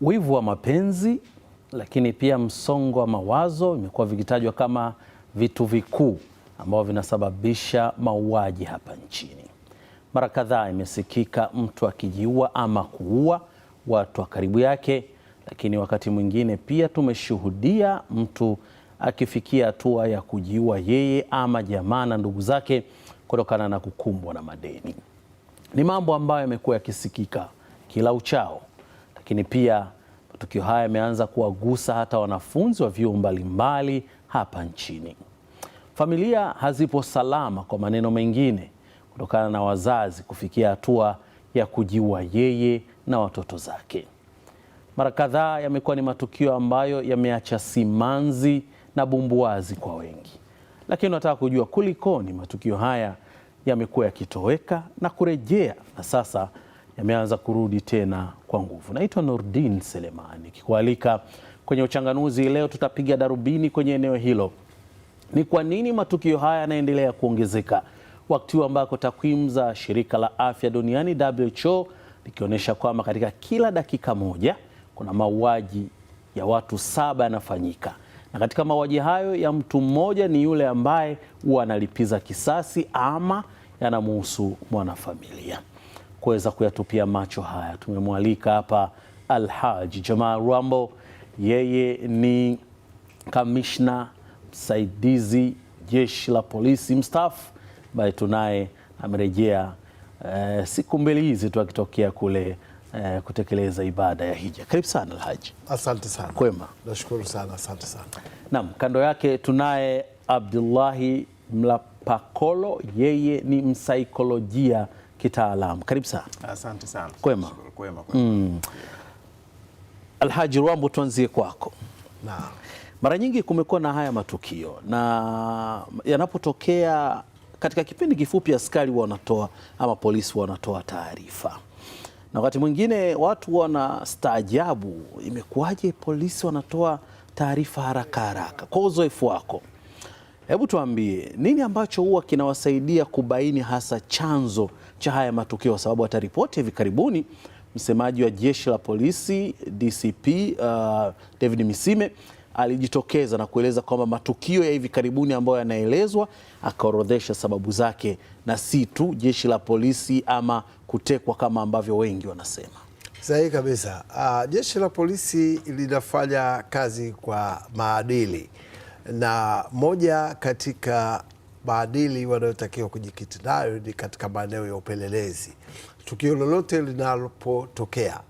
wivu wa mapenzi, lakini pia msongo wa mawazo imekuwa vikitajwa kama vitu vikuu ambavyo vinasababisha mauaji hapa nchini. Mara kadhaa imesikika mtu akijiua ama kuua watu wa karibu yake, lakini wakati mwingine pia tumeshuhudia mtu akifikia hatua ya kujiua yeye ama jamaa na ndugu zake kutokana na kukumbwa na madeni. Ni mambo ambayo yamekuwa yakisikika kila uchao, lakini pia Matukio haya yameanza kuwagusa hata wanafunzi wa vyuo mbalimbali hapa nchini. Familia hazipo salama, kwa maneno mengine, kutokana na wazazi kufikia hatua ya kujiua yeye na watoto zake. Mara kadhaa yamekuwa ni matukio ambayo yameacha simanzi na bumbuazi kwa wengi, lakini unataka kujua kulikoni matukio haya yamekuwa yakitoweka na kurejea na sasa yameanza kurudi tena kwa nguvu. Naitwa Nordin Selemani, kikualika kwenye uchanganuzi leo. Tutapiga darubini kwenye eneo hilo, ni kwa nini matukio haya yanaendelea kuongezeka wakati huu ambako takwimu za shirika la afya duniani WHO likionyesha kwamba katika kila dakika moja kuna mauaji ya watu saba yanafanyika, na katika mauaji hayo ya mtu mmoja ni yule ambaye huwa analipiza kisasi ama yanamuhusu mwanafamilia kuweza kuyatupia macho haya. Tumemwalika hapa Alhaj Jamal Rambo, yeye ni kamishna msaidizi jeshi la polisi mstaafu, ambaye tunaye amerejea eh, siku mbili hizi tu akitokea kule eh, kutekeleza ibada ya hija. Karibu sana Alhaji. Asante sana. Kwema. Nashukuru sana, asante sana. Naam, kando yake tunaye Abdullahi Mlapakolo, yeye ni msaikolojia kitaalamu. Karibu sana. Asante sana. Kwema. Kwema, kwema. Mm. Alhaji Rwambo, tuanzie kwako. Naam. Mara nyingi kumekuwa na haya matukio na yanapotokea katika kipindi kifupi, askari wanatoa ama polisi wanatoa taarifa, na wakati mwingine watu wanastaajabu, imekuwaje polisi wanatoa taarifa haraka haraka? Kwa uzoefu wako, Hebu tuambie nini ambacho huwa kinawasaidia kubaini hasa chanzo cha haya matukio, sababu hata ripoti hivi karibuni msemaji wa jeshi la polisi DCP uh, David Misime alijitokeza na kueleza kwamba matukio ya hivi karibuni ambayo yanaelezwa, akaorodhesha sababu zake na si tu jeshi la polisi ama kutekwa kama ambavyo wengi wanasema. Sahihi kabisa. Uh, jeshi la polisi linafanya kazi kwa maadili na moja katika maadili wanayotakiwa kujikiti nayo ni katika maeneo ya upelelezi. Tukio lolote linalopotokea,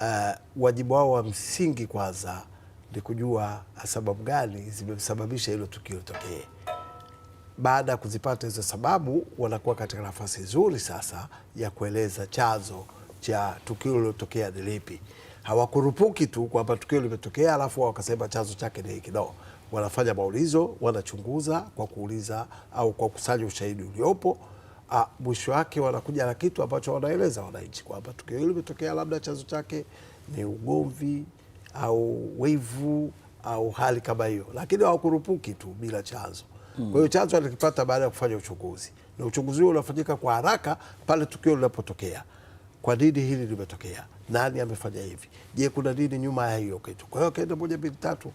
uh, wajibu wao wa msingi kwanza ni kujua sababu gani zimesababisha hilo tukio tokee Baada ya kuzipata hizo sababu, wanakuwa katika nafasi nzuri sasa ya kueleza chanzo cha tukio lililotokea ni lipi. Hawakurupuki tu kwamba tukio limetokea alafu wakasema chanzo chake ni hiki, no wanafanya maulizo, wanachunguza kwa kuuliza au kwa kusanya ushahidi uliopo. Ah, mwisho wake wanakuja na kitu ambacho wanaeleza wananchi kwamba tukio hili limetokea, labda chanzo chake ni ugomvi au wivu au hali kama hiyo, lakini hawakurupuki tu bila chanzo. Hmm. Kwa hiyo chanzo alikipata baada ya kufanya uchunguzi, na uchunguzi huo unafanyika kwa haraka pale tukio linapotokea. Kwa nini hili limetokea? Nani amefanya hivi? Je, kuna nini nyuma ya hiyo kitu? Kwa hiyo akaenda moja, mbili, tatu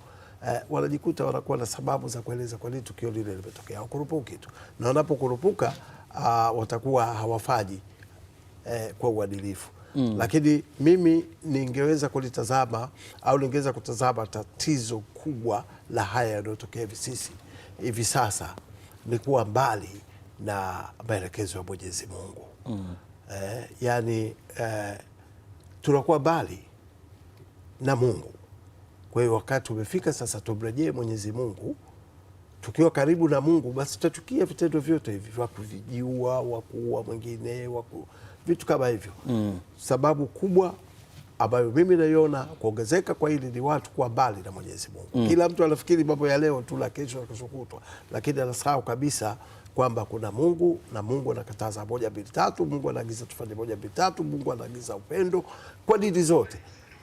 eh, wanajikuta wanakuwa na sababu za kueleza kwa nini tukio lile limetokea. Hawakurupuki tu, na wanapokurupuka uh, watakuwa hawafaji eh, kwa uadilifu mm. Lakini mimi ningeweza kulitazama au ningeweza kutazama tatizo kubwa la haya yanayotokea hivi sisi hivi sasa ni kuwa mbali na maelekezo ya Mwenyezi Mungu mm. Eh, yani eh, tunakuwa mbali na Mungu kwa hiyo wakati umefika sasa, tumrejee Mwenyezi Mungu. Tukiwa karibu na Mungu, basi tutachukia vitendo vyote hivi vya kujiua, wa kuua mwingine, waku... vitu kama hivyo mm. Sababu kubwa ambayo mimi naiona kuongezeka kwa hili ni watu kuwa mbali na Mwenyezi Mungu mm. Kila mtu anafikiri mambo ya leo tu la kesho na kesho kutwa, lakini anasahau kabisa kwamba kuna Mungu na Mungu anakataza moja mbili tatu, Mungu anaagiza tufanye moja mbili tatu, Mungu anaagiza upendo kwa dini zote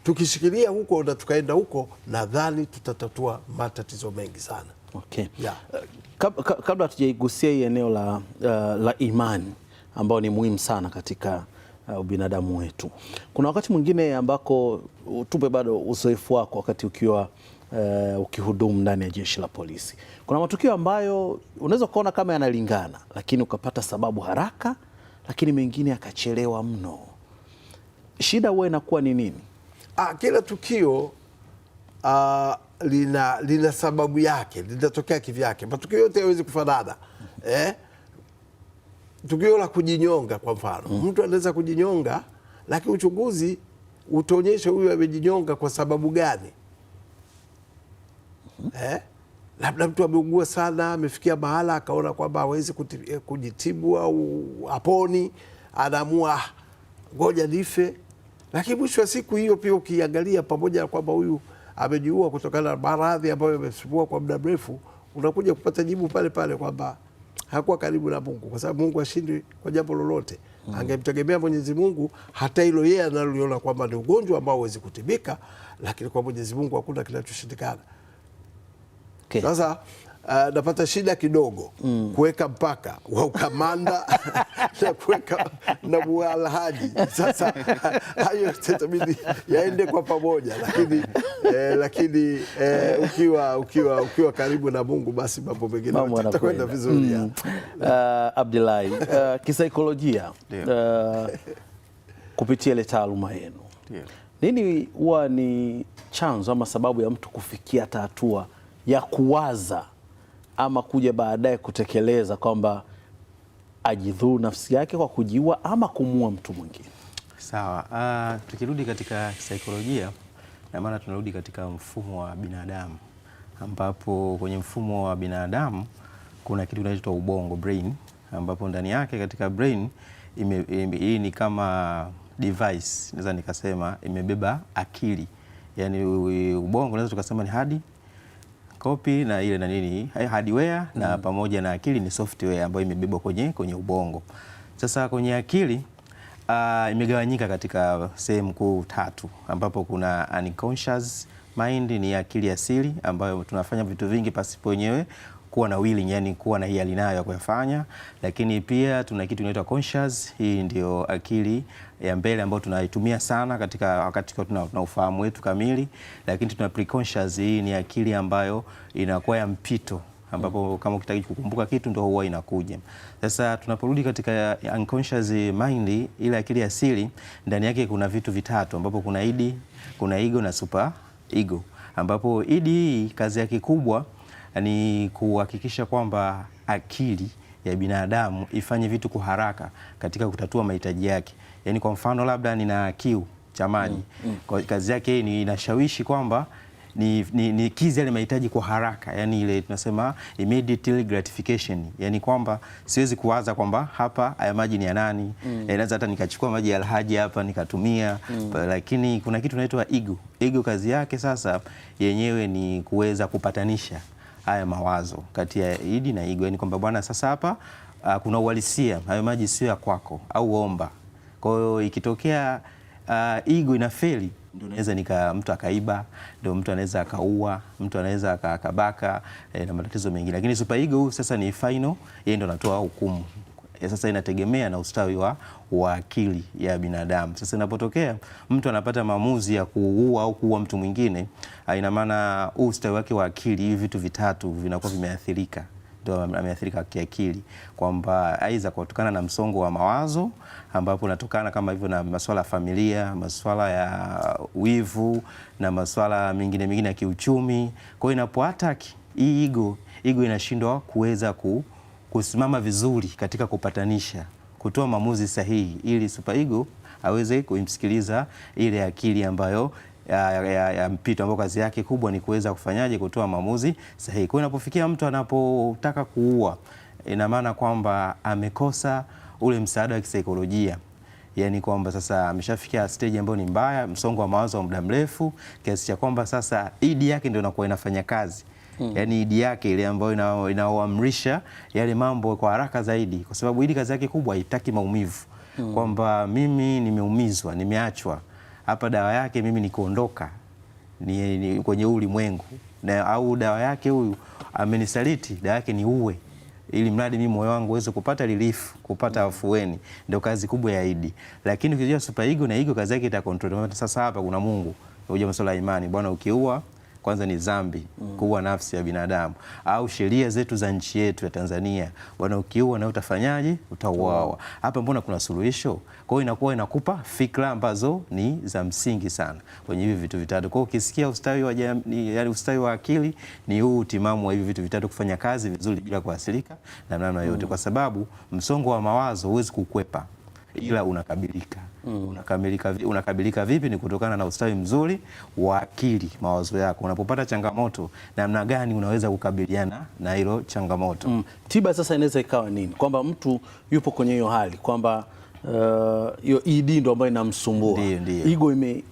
tukishikilia huko na tukaenda huko, nadhani tutatatua matatizo mengi sana. Okay. Yeah. Kabla hatujaigusia hii eneo la, uh, la imani ambayo ni muhimu sana katika uh, ubinadamu wetu, kuna wakati mwingine ambako tupe bado uzoefu wako wakati ukiwa uh, ukihudumu ndani ya jeshi la polisi, kuna matukio ambayo unaweza ukaona kama yanalingana, lakini ukapata sababu haraka, lakini mengine yakachelewa mno. Shida huwa inakuwa ni nini? Ah, kila tukio ah, lina, lina sababu yake, linatokea kivyake. Matukio yote hawezi kufanana eh? Tukio la kujinyonga kwa mfano mm. Mtu anaweza kujinyonga lakini uchunguzi utaonyesha huyu amejinyonga kwa sababu gani mm -hmm. eh? Labda mtu ameugua sana, amefikia mahala akaona kwamba hawezi eh, kujitibu au aponi, anaamua ah, ngoja nife. Lakini mwisho wa siku hiyo pia ukiangalia, pamoja na kwamba huyu amejiua kutokana na maradhi ambayo yamesumbua kwa muda mrefu, unakuja kupata jibu pale pale kwamba hakuwa karibu na Mungu, kwa sababu Mungu ashindi kwa jambo lolote. Mm. Angemtegemea Mwenyezi Mungu hata hilo yeye analoliona kwamba ni ugonjwa ambao huwezi kutibika, lakini kwa Mwenyezi Mungu hakuna kinachoshindikana. Sasa Uh, napata shida kidogo mm. kuweka mpaka wa ukamanda na kuweka na mualhaji. Sasa hayo itabidi yaende kwa pamoja, lakini eh, lakini eh, ukiwa, ukiwa, ukiwa karibu na Mungu basi mambo mengine yatakwenda vizuri mm. uh, Abdullahi uh, kisaikolojia uh, kupitia ile taaluma yenu nini huwa ni chanzo ama sababu ya mtu kufikia hatua ya kuwaza ama kuja baadaye kutekeleza kwamba ajidhuru nafsi yake kwa kujiua ama kumuua mtu mwingine. Sawa. Uh, tukirudi katika saikolojia, na maana tunarudi katika mfumo wa binadamu, ambapo kwenye mfumo wa binadamu kuna kitu kinachoitwa ubongo brain, ambapo ndani yake katika brain hii ni kama device, naweza nikasema imebeba akili, yani ubongo, naweza tukasema ni hadi copy na ile na nini eh, hardware mm. na pamoja na akili ni software ambayo imebebwa kwenye, kwenye ubongo. Sasa kwenye akili uh, imegawanyika katika sehemu kuu tatu, ambapo kuna unconscious mind, ni akili asili ambayo tunafanya vitu vingi pasipo wenyewe kuwa na willing, yani kuwa na hiari nayo ya kuyafanya, lakini pia tuna kitu kinaitwa conscious. Hii ndio akili ya mbele ambayo tunaitumia sana katika wakati tuna, tuna ufahamu wetu kamili, lakini tuna preconscious. Hii ni akili ambayo inakuwa ya mpito ambapo mm. kama ukitaka kukumbuka kitu ndio huwa inakuja. Sasa tunaporudi katika unconscious mind, ile akili asili, ndani yake kuna vitu vitatu, ambapo kuna id, kuna ego na super ego, ambapo id hii kazi yake kubwa ni kuhakikisha kwamba akili ya binadamu ifanye vitu kwa haraka katika kutatua mahitaji yake. Yaani kwa mfano labda nina kiu cha maji mm, mm. Kazi yake ni inashawishi kwamba ni, ni, ni kizi yale mahitaji kwa haraka, yani ile tunasema immediate gratification, yani kwamba siwezi kuwaza kwamba hapa haya maji ni ya nani mm. Eh, naweza hata nikachukua maji ya Alhaji hapa nikatumia mm. Lakini kuna kitu naitwa ego. Ego kazi yake sasa yenyewe ni kuweza kupatanisha haya mawazo kati ya Idi na Igwe, ni kwamba bwana, sasa hapa uh, kuna uhalisia, hayo maji sio ya kwako, au omba. Kwa hiyo ikitokea uh, Igwe na feli ndio naweza nika mtu akaiba, ndio mtu anaweza akaua, mtu anaweza akabaka e, na matatizo mengine, lakini Super Ego sasa ni final, yeye ndio anatoa hukumu sasa inategemea na ustawi wa, wa akili ya binadamu. Sasa inapotokea mtu anapata maamuzi ya kuua au kuua mtu mwingine, ah, ina maana ustawi wake wa akili, hivi vitu vitatu vinakuwa vimeathirika ndio ameathirika kiakili, kwamba aidha kutokana na msongo wa mawazo ambapo unatokana kama hivyo na masuala ya familia, masuala ya wivu na masuala mengine mengine ya kiuchumi. Kwa hiyo inapoataki hii ego, ego inashindwa kuweza ku kusimama vizuri katika kupatanisha, kutoa maamuzi sahihi, ili Super Eagle aweze kumsikiliza ile akili ambayo ya, ya, ya mpito ambao kazi yake kubwa ni kuweza kufanyaje, kutoa maamuzi sahihi. Kwa inapofikia mtu anapotaka kuua, ina maana kwamba amekosa ule msaada wa kisaikolojia yaani kwamba sasa ameshafikia stage ambayo ni mbaya, msongo wa mawazo wa muda mrefu, kiasi cha kwamba sasa idi yake ndio inakuwa inafanya kazi mm. yani idi yake ile ambayo inaoamrisha yale mambo kwa haraka zaidi, kwa sababu ili kazi yake kubwa haitaki maumivu mm. kwamba mimi nimeumizwa, nimeachwa hapa, dawa yake mimi ni kuondoka ni, ni, kwenye ulimwengu na au dawa yake huyu amenisaliti, dawa yake ni uwe ili mradi mimi moyo wangu uweze kupata relief, kupata afueni. Ndio kazi kubwa ya Idi. Lakini ukijua super ego na ego kazi yake ita control. Sasa hapa kuna Mungu, unajua masuala ya imani. Bwana, ukiua kwanza ni dhambi mm. kuua nafsi ya binadamu au sheria zetu za nchi yetu ya Tanzania, wanaokiua na utafanyaje? Utauawa. Hapa mbona kuna suluhisho? Kwa hiyo inakuwa inakupa fikra ambazo ni za msingi sana kwenye hivi vitu vitatu. Kwa hiyo ukisikia ustawi wa jamii, yani ustawi wa akili ni huu utimamu wa hivi vitu vitatu, kufanya kazi vizuri bila kuathirika na namna yote mm. kwa sababu msongo wa mawazo huwezi kukwepa, ila unakabilika mm. Unakabilika, unakabilika vipi? Ni kutokana na ustawi mzuri wa akili, mawazo yako. Unapopata changamoto, namna gani unaweza kukabiliana na hilo changamoto mm. Tiba sasa inaweza ikawa nini? Kwamba mtu yupo kwenye hiyo hali kwamba uh, hiyo uh, e ED ndo ambayo inamsumbua, ego ime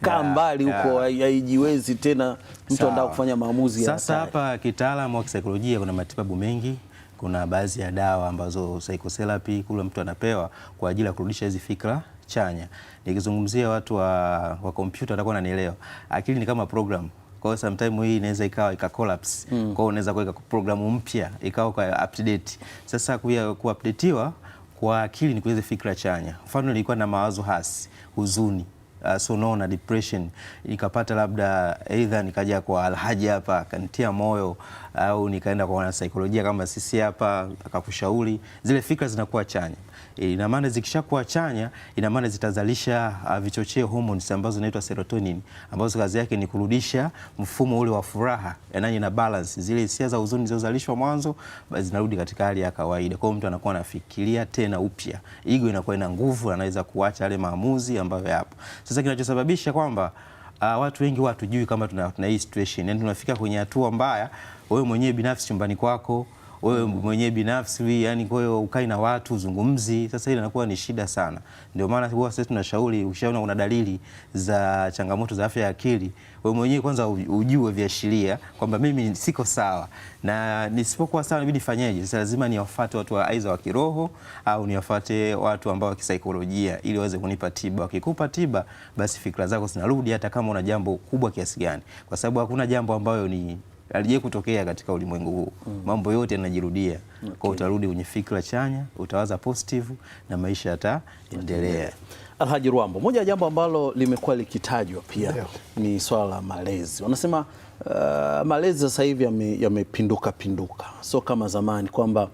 kaa mbali huko haijiwezi tena, mtu anataka kufanya maamuzi. Sasa hapa kitaalamu wa kisaikolojia kuna matibabu mengi, kuna baadhi ya dawa ambazo psychotherapy kule mtu anapewa kwa ajili ya kurudisha hizi fikra chanya. Nikizungumzia watu wa kompyuta watakuwa wananielewa. Akili ni kama program kwa hiyo sometime hii inaweza ikawa ika collapse. Mm. Kwa hiyo unaweza kuweka programu mpya ikawa kwa update. Sasa kuya kuupdateiwa kwa akili ni kuweza fikra chanya. Mfano nilikuwa na mawazo hasi, huzuni, uh, sonona, depression, nikapata labda either nikaja kwa Alhaji hapa akanitia moyo au nikaenda kwa wanasaikolojia kama sisi hapa, akakushauri, zile fikra zinakuwa chanya. E, ina maana zikishakuwa chanya, ina maana zitazalisha uh, vichocheo hormones ambazo zinaitwa serotonin ambazo kazi yake ni kurudisha mfumo ule wa furaha, yaani ina balance zile hisia za huzuni zilizozalishwa mwanzo, zinarudi katika hali ya kawaida. Kwa hiyo mtu anakuwa anafikiria tena upya, ego inakuwa ina nguvu, anaweza kuacha yale maamuzi ambayo yapo. Sasa kinachosababisha kwamba uh, watu wengi watujui hatujui kama tuna, tuna hii situation yani tunafika kwenye hatua mbaya, wewe mwenyewe binafsi chumbani kwako wewe mwenyewe binafsi, yani kwa hiyo ukai na watu zungumzi. Sasa ile inakuwa ni shida sana, ndio maana huwa sisi tunashauri, ukishaona una dalili za changamoto za afya ya akili, wewe mwenyewe kwanza ujue viashiria kwamba mimi siko sawa, na nisipokuwa sawa inabidi fanyeje? Sasa lazima niwafuate watu wa aidha wa kiroho au niwafuate watu ambao wa kisaikolojia, ili waweze kunipa tiba. Wakikupa tiba, basi fikra zako zinarudi, hata kama una jambo kubwa kiasi gani, kwa sababu hakuna jambo ambayo ni alijai kutokea katika ulimwengu huu mm. Mambo yote yanajirudia okay. Kwa utarudi kwenye fikra chanya, utawaza positive na maisha yataendelea. Alhaji Rwambo, moja ya jambo ambalo limekuwa likitajwa pia yeah. ni swala la malezi. Wanasema uh, malezi sasa hivi yamepinduka ya pinduka, sio kama zamani kwamba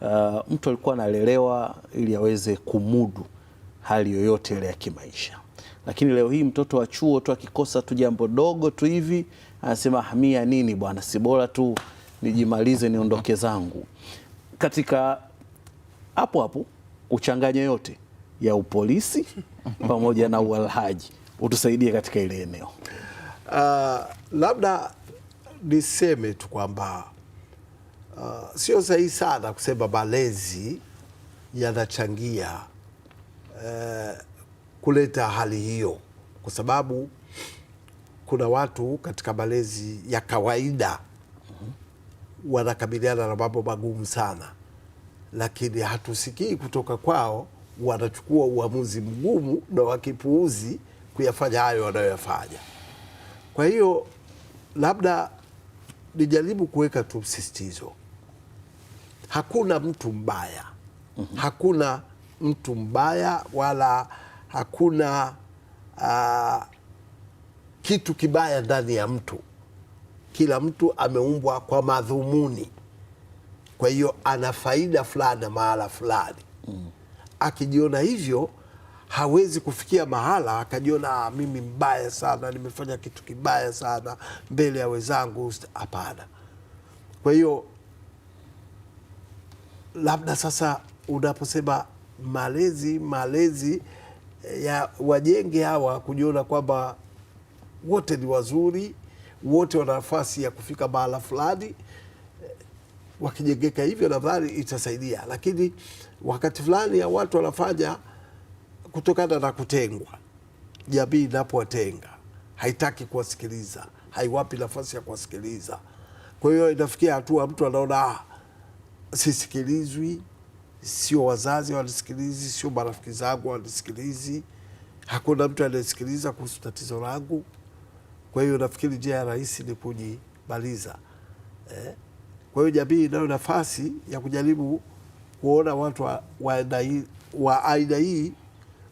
uh, mtu alikuwa analelewa ili aweze kumudu hali yoyote ile ya kimaisha, lakini leo hii mtoto wa chuo tu akikosa tu jambo dogo tu hivi anasema hamia nini bwana, si bora tu nijimalize niondoke zangu. Katika hapo hapo uchanganyo yote ya upolisi pamoja na ualhaji, utusaidie katika ile eneo. Uh, labda niseme tu kwamba uh, sio sahihi sana kusema malezi yanachangia uh, kuleta hali hiyo, kwa sababu kuna watu katika malezi ya kawaida wanakabiliana na mambo magumu sana, lakini hatusikii kutoka kwao. Wanachukua uamuzi mgumu na wakipuuzi kuyafanya hayo wanayoyafanya. Kwa hiyo labda nijaribu kuweka tu msisitizo, hakuna mtu mbaya mm -hmm. hakuna mtu mbaya wala hakuna uh, kitu kibaya ndani ya mtu. Kila mtu ameumbwa kwa madhumuni, kwa hiyo ana faida fulani na mahala fulani mm. Akijiona hivyo hawezi kufikia mahala akajiona ah, mimi mbaya sana, nimefanya kitu kibaya sana mbele ya wenzangu. Hapana. Kwa hiyo labda sasa unaposema malezi malezi eh, ya wajenge hawa kujiona kwamba wote ni wazuri, wote wana nafasi ya kufika mahala fulani. Wakijengeka hivyo, nadhani itasaidia, lakini wakati fulani ya watu wanafanya kutokana na kutengwa. Jamii inapowatenga haitaki kuwasikiliza, haiwapi nafasi ya kuwasikiliza. Kwa hiyo inafikia hatua mtu anaona ah, sisikilizwi, sio wazazi wanisikilizi, sio marafiki zangu wanisikilizi, hakuna mtu anayesikiliza kuhusu tatizo langu. Kwa hiyo nafikiri njia ya rahisi ni kujibaliza eh. Kwa hiyo jamii inayo nafasi ya kujaribu kuona watu wa, wa aina hii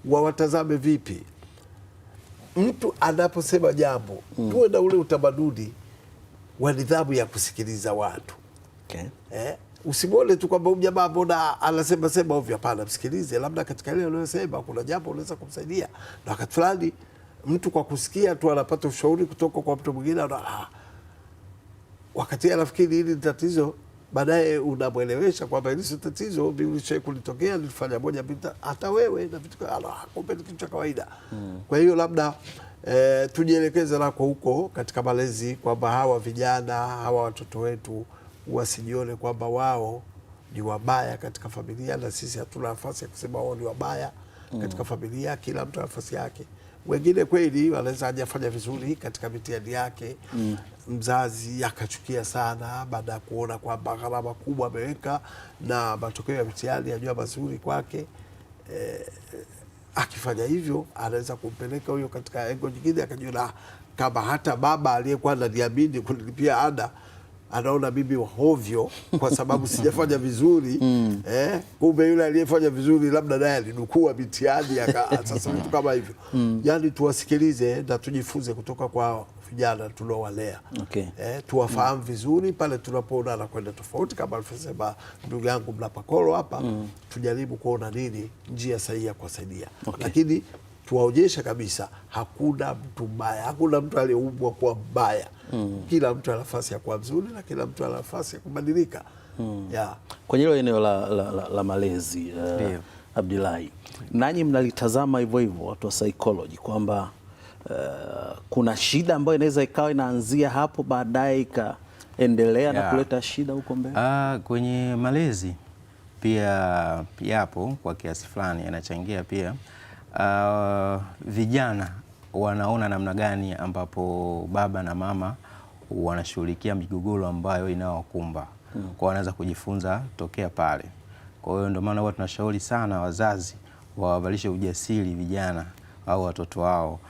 wawatazame vipi. Mtu anaposema jambo mm. tuwe na ule utamaduni wa nidhamu ya kusikiliza watu okay. eh, usimwone tu kwamba mjamaa mbona anasema sema ovyo. Hapana, msikilize, labda katika ile anayosema kuna jambo unaweza kumsaidia na wakati fulani mtu kwa kusikia tu anapata ushauri kutoka kwa mtu mwingine ah. Wakati anafikiri hili tatizo, baadaye unamwelewesha kwamba hili si tatizo, mimi lishawahi kulitokea, nilifanya moja pita, hata wewe na vitu ah, kumbe ni kitu cha kawaida hmm. Kwa hiyo labda eh, tujielekeze nako huko katika malezi kwamba hawa vijana hawa watoto wetu wasijione kwamba wao ni wabaya katika familia, na sisi hatuna nafasi ya kusema wao ni wabaya hmm. katika mm. familia. Kila mtu nafasi yake wengine kweli wanaweza hajafanya vizuri katika mitihani yake mm. Mzazi akachukia sana baada ya kuona kwamba gharama kubwa ameweka na matokeo ya mitihani yajua mazuri kwake. Eh, akifanya hivyo anaweza kumpeleka huyo katika engo nyingine, akajiona kama hata baba aliyekuwa ananiamini kunilipia ada anaona mimi hovyo kwa sababu sijafanya vizuri mm. Eh, kumbe yule aliyefanya vizuri labda naye alinukua mitihani sasa vitu kama hivyo mm. Yani tuwasikilize na tujifunze kutoka kwa vijana tuliowalea okay. Eh, tuwafahamu mm. vizuri pale tunapoona anakwenda tofauti, kama alivyosema ndugu yangu Mlapakolo hapa mm. tujaribu kuona nini njia sahihi ya kuwasaidia okay. lakini tuwaonyesha kabisa hakuna mtu mbaya, hakuna mtu aliyeumbwa kuwa mbaya mm. Kila mtu ana nafasi ya kuwa mzuri na kila mtu ana nafasi ya kubadilika mm. yeah. Kwenye hilo eneo la, la, la, la malezi uh, Abdilahi, nanyi mnalitazama hivyo hivyo watu wa psychology kwamba uh, kuna shida ambayo inaweza ikawa inaanzia hapo baadaye ikaendelea yeah. na kuleta shida huko mbele uh, kwenye malezi pia yapo kwa kiasi fulani yanachangia pia uh, vijana wanaona namna gani ambapo baba na mama wanashughulikia migogoro ambayo inawakumba hmm. Kwa wanaweza kujifunza tokea pale. Kwa hiyo ndio maana huwa tunashauri sana wazazi wawavalishe ujasiri vijana au watoto wao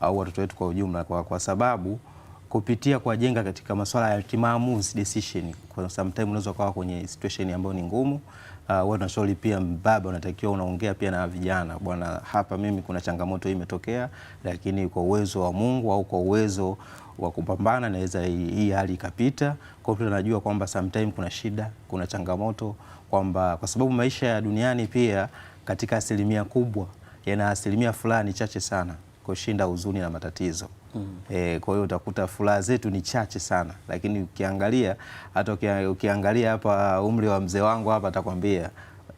au watoto wetu kwa ujumla, kwa, kwa sababu kupitia jenga katika masuala ya kimaamuzi decision, kwa sometimes unaweza ukawa kwenye situation ambayo ni ngumu uh, wewe nashauri pia mbaba, unatakiwa unaongea pia na vijana, bwana, hapa mimi kuna changamoto hii imetokea, lakini kwa uwezo wa Mungu au kwa uwezo wa kupambana naweza hii hali ikapita. Kwa hiyo tunajua kwamba sometime kuna shida, kuna changamoto, kwamba kwa sababu maisha ya duniani pia katika asilimia kubwa yana asilimia fulani chache sana kushinda huzuni na matatizo. Mm. E, kwa hiyo utakuta furaha zetu ni chache sana, lakini ukiangalia hata ukiangalia hapa uh, umri wa mzee wangu hapa atakwambia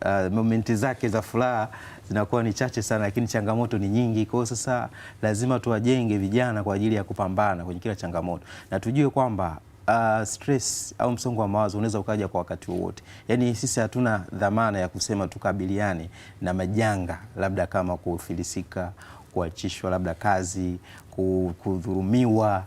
Uh, momenti zake za furaha zinakuwa ni chache sana, lakini changamoto ni nyingi. Kwa hiyo sasa lazima tuwajenge vijana kwa ajili ya kupambana kwenye kila changamoto, na tujue kwamba uh, stress au msongo wa mawazo unaweza ukaja kwa wakati wowote. Yaani sisi hatuna dhamana ya kusema tukabiliane na majanga labda kama kufilisika kuachishwa labda kazi, kudhurumiwa,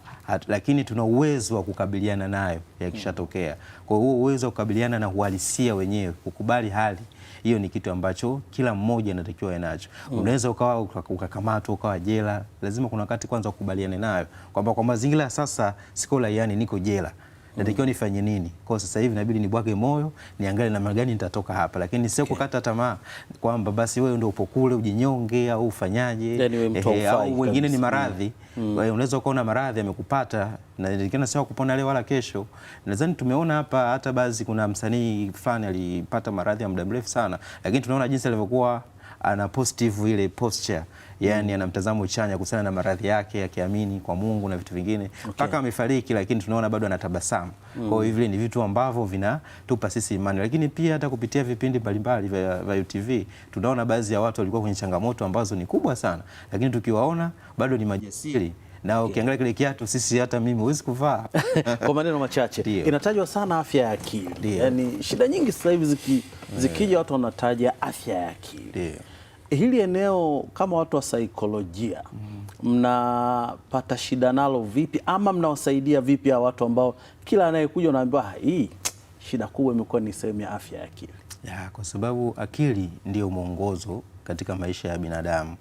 lakini tuna uwezo wa kukabiliana nayo yakishatokea. Kwa hiyo uwezo wa kukabiliana na uhalisia wenyewe, kukubali hali hiyo ni kitu ambacho kila mmoja anatakiwa awe nacho. Mm. Unaweza ukawa ukakamatwa ukawa jela, lazima kuna wakati kwanza ukubaliane nayo kwamba kwa mazingira ya sasa siko laiani, niko jela natakiwa nifanye nini? Kwa sasa hivi inabidi nibwage moyo, niangalie namna gani nitatoka hapa, lakini sio kukata tamaa kwamba basi wewe ndio upo kule ujinyonge au ufanyaje, yaani au wengine ni maradhi. Mm. Mm. Unaweza ukaona maradhi amekupata na sio kupona leo wala kesho. Nadhani tumeona hapa hata baadhi, kuna msanii fulani alipata maradhi ya muda mrefu sana, lakini tunaona jinsi alivyokuwa ana positive ile posture yani ana mtazamo chanya kuhusiana na maradhi yake, akiamini kwa Mungu na vitu vingine mpaka okay. amefariki, lakini tunaona bado anatabasamu mm. Kwa hivyo ni vitu ambavyo vinatupa sisi imani, lakini pia hata kupitia vipindi mbalimbali vya, vya UTV tunaona baadhi ya watu walikuwa kwenye changamoto ambazo ni kubwa sana, lakini tukiwaona bado ni majasiri na ukiangalia kile kiatu sisi hata mimi huwezi kuvaa. Kwa maneno machache inatajwa sana afya ya akili Yani shida nyingi sasa hivi ziki, eh. zikija watu wanataja afya ya akili Dio. Hili eneo kama watu wa saikolojia mm. mnapata shida nalo vipi ama mnawasaidia vipi a watu ambao kila anayekuja unaambiwa ah, hii shida kubwa imekuwa ni sehemu ya afya ya akili ya, kwa sababu akili ndio mwongozo katika maisha ya binadamu.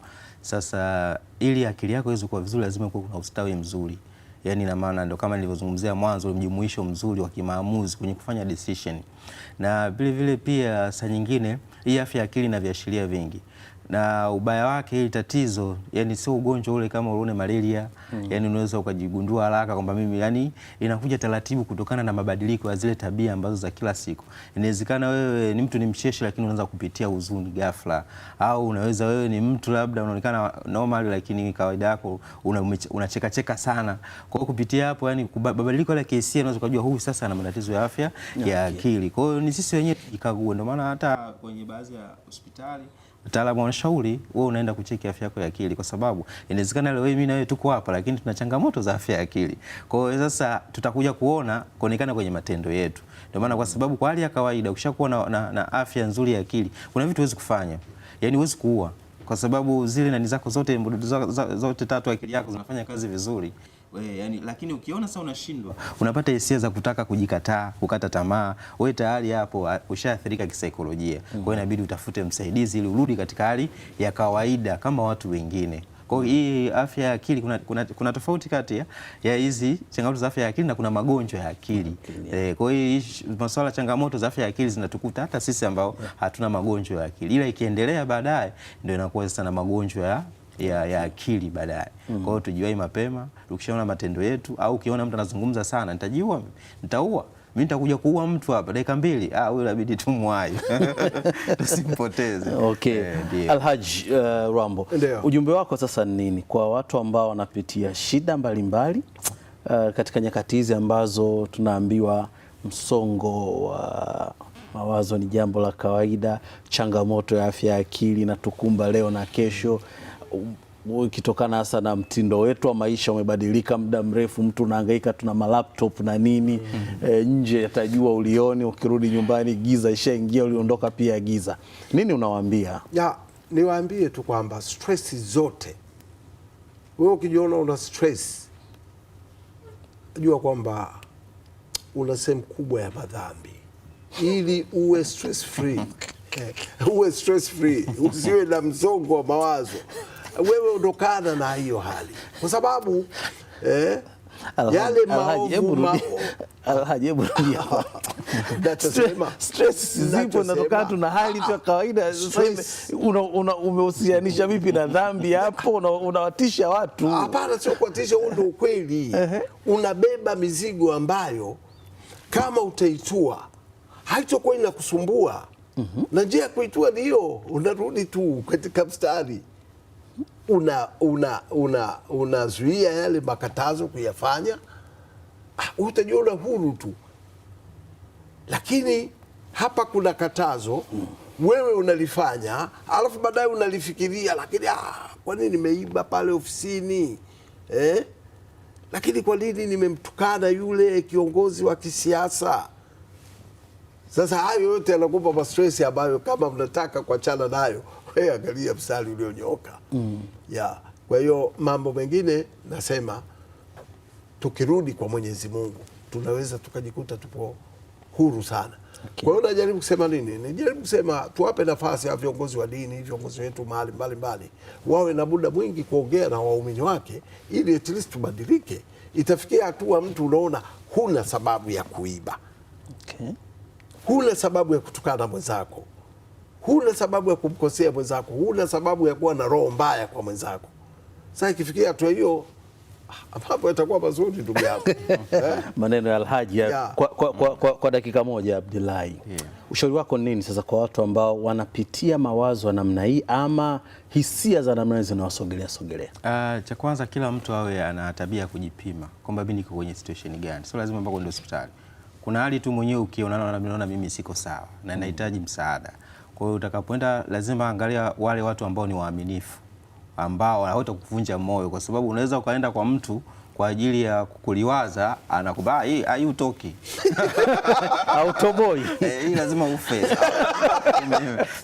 Sasa ili akili yako iweze kuwa vizuri, lazima kuwe kuna ustawi mzuri, yaani na maana ndio kama nilivyozungumzia mwanzo, mjumuisho mzuri wa kimaamuzi kwenye kufanya decision. Na vile vile pia saa nyingine hii afya ya akili na viashiria vingi na ubaya wake hili tatizo yani sio ugonjwa ule kama ulione malaria mm. Yani unaweza ukajigundua haraka kwamba mimi yani, inakuja taratibu kutokana na mabadiliko ya zile tabia ambazo za kila siku. Inawezekana wewe ni mtu ni mcheshi, lakini unaanza kupitia huzuni ghafla, au unaweza wewe ni mtu labda unaonekana normal, lakini kawaida yako unacheka cheka sana. Kwa hiyo kupitia hapo, yani mabadiliko ya kihisia, unaweza kujua huyu sasa ana matatizo ya afya ya akili. Kwa hiyo ni sisi wenyewe jikague, ndio maana hata kwenye baadhi ya hospitali mtaalamu wa ushauri, wewe unaenda kucheki afya yako ya akili, kwa sababu inawezekana leo mimi na wewe tuko hapa, lakini tuna changamoto za afya ya akili. Kwa hiyo sasa tutakuja kuona kuonekana kwenye matendo yetu. Ndio maana kwa sababu kwa hali ya kawaida ukishakuwa na, na, na afya nzuri ya akili, kuna vitu huwezi kufanya, yaani huwezi kuua, kwa sababu zile nani zako zote zote tatu, akili yako zinafanya kazi vizuri we, yani, lakini ukiona sasa unashindwa, unapata hisia za kutaka kujikataa, kukata tamaa. Wewe tayari hapo ushaathirika kisaikolojia. Mm. Kwa hiyo inabidi utafute msaidizi ili urudi katika hali ya kawaida kama watu wengine. Kwa hiyo hii afya ya akili kuna, kuna, kuna tofauti kati ya hizi changamoto za afya ya akili na kuna magonjwa ya akili. Eh, kwa hiyo masuala changamoto za afya ya akili zinatukuta hata sisi ambao hatuna magonjwa ya akili, ila ikiendelea baadaye ndio inakuwa sasa na magonjwa ya ya, ya akili baadaye. Mm-hmm. Kwa hiyo tujiwai mapema, ukishaona matendo yetu au ukiona mtu anazungumza sana, nitajiua, nitaua mimi nitakuja kuua mtu hapa dakika mbili. Ah, huyo inabidi tumwahi tusimpoteze. Okay. Yeah, Alhaji uh, Rambo, ujumbe wako sasa ni nini kwa watu ambao wanapitia shida mbalimbali mbali, uh, katika nyakati hizi ambazo tunaambiwa msongo wa uh, mawazo ni jambo la kawaida, changamoto ya afya ya akili na tukumba leo na kesho ikitokana um, hasa na mtindo wetu wa maisha umebadilika muda mrefu, mtu unahangaika, tuna malaptop na nini mm -hmm. E, nje atajua ulioni, ukirudi nyumbani giza ishaingia, uliondoka pia giza. Nini unawaambia? Ya, niwaambie tu kwamba stress zote, wewe ukijiona una stress, jua kwamba una sehemu kubwa ya madhambi. Ili uwe stress free, eh, uwe stress free, usiwe na msongo wa mawazo wewe ondokana na hiyo hali kwa sababu eh, yale maovu stress zipo natokana tu na hali tu ya kawaida. Ah, umehusianisha vipi na dhambi hapo? Unawatisha watuhapana watu? Hapana, sio kuwatisha, huu ndo ukweli. Unabeba mizigo ambayo kama utaitua haitokuwa inakusumbua, mhm. na njia ya kuitua hiyo, unarudi tu katika mstari unazuia una, una, una yale makatazo kuyafanya, ah, utajua una huru tu. Lakini hapa kuna katazo wewe unalifanya, alafu baadaye unalifikiria, lakini ah, kwa nini nimeiba pale ofisini eh? Lakini kwa nini nimemtukana yule kiongozi wa kisiasa? Sasa hayo yote yanakupa mastresi ambayo kama mnataka kuachana nayo wewe angalia mstari ulionyoka mm. ya Kwa hiyo mambo mengine nasema, tukirudi kwa Mwenyezi Mungu tunaweza tukajikuta tupo huru sana okay. Kwa hiyo najaribu kusema nini? Najaribu kusema tuwape nafasi ya viongozi wa dini, viongozi wetu mahali mbalimbali, wawe na muda mwingi kuongea na waumini wake, ili at least tubadilike. Itafikia hatua mtu unaona huna sababu ya kuiba okay. Huna sababu ya kutukana mwenzako huna sababu ya kumkosea mwenzako, huna sababu ya kuwa na roho mbaya kwa mwenzako. Sasa ikifikia hatua hiyo ah, mambo yatakuwa mazuri ndugu yangu. Eh? Maneno ya Alhaji yeah. kwa, kwa, kwa, kwa, kwa dakika moja abdulahi yeah. Ushauri wako nini sasa kwa watu ambao wanapitia mawazo ya namna hii ama hisia za namna hii zinawasogelea sogelea? Uh, cha kwanza kila mtu awe ana tabia ya kujipima kwamba mimi niko kwenye situation gani, sio lazima mpaka ndio hospitali. Kuna hali tu mwenyewe ukionana na mimi siko sawa na nahitaji msaada kwa hiyo utakapoenda lazima angalia wale watu ambao ni waaminifu ambao hawata kuvunja moyo, kwa sababu unaweza ukaenda kwa mtu kwa ajili ya kukuliwaza, anakubali hayutoki autoboi eh, hii lazima ufe.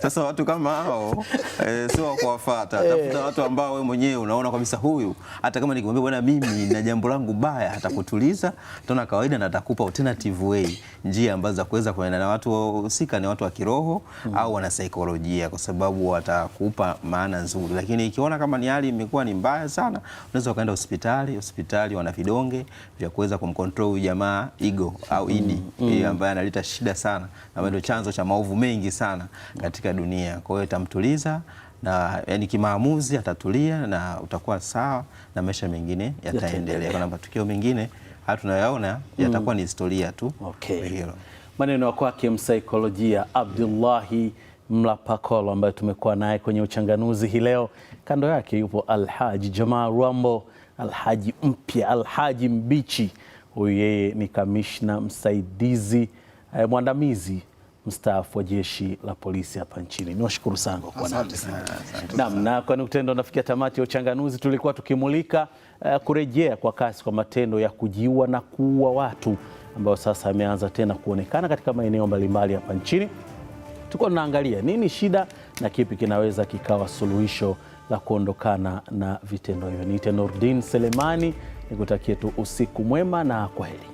Sasa watu kama hao e, sio kuwafuata. Eh. Tafuta watu ambao wewe mwenyewe unaona kabisa huyu, hata kama nikimwambia bwana, mimi na jambo langu baya, atakutuliza tena kawaida, na atakupa alternative way, njia ambazo za kuweza kuenda na watu wahusika, ni watu wa kiroho mm, au wana saikolojia, kwa sababu watakupa maana nzuri, lakini ikiona kama ni hali imekuwa ni mbaya sana, unaweza ukaenda hospitali hospitali hospitali wana vidonge vya kuweza kumcontrol huyu jamaa Igo au Idi mm, e mm. ambaye analeta shida sana na ndio chanzo cha maovu mengi sana katika dunia. Kwa hiyo itamtuliza na yani, kimaamuzi atatulia na utakuwa sawa na maisha mengine yataendelea, kwa matukio mengine hatunayaona yatakuwa mm. ni historia tu. Okay. maneno ya kwake msaikolojia Abdullahi Mlapakolo ambaye tumekuwa naye kwenye uchanganuzi hii leo. Kando yake yupo Alhaji Jamaa Rwambo Alhaji mpya, Alhaji Mbichi. Huyu yeye ni kamishna msaidizi eh, mwandamizi mstaafu wa jeshi la polisi hapa nchini. Ni washukuru sana kwa na kwa nukta nafikia tamati ya uchanganuzi. Tulikuwa tukimulika uh, kurejea kwa kasi kwa matendo ya kujiua na kuua watu ambayo sasa yameanza tena kuonekana katika maeneo mbalimbali hapa nchini. Tulikuwa tunaangalia nini shida na kipi kinaweza kikawa suluhisho la kuondokana na vitendo hivyo. Niite Nordin Selemani, nikutakie tu usiku mwema na kwaheri.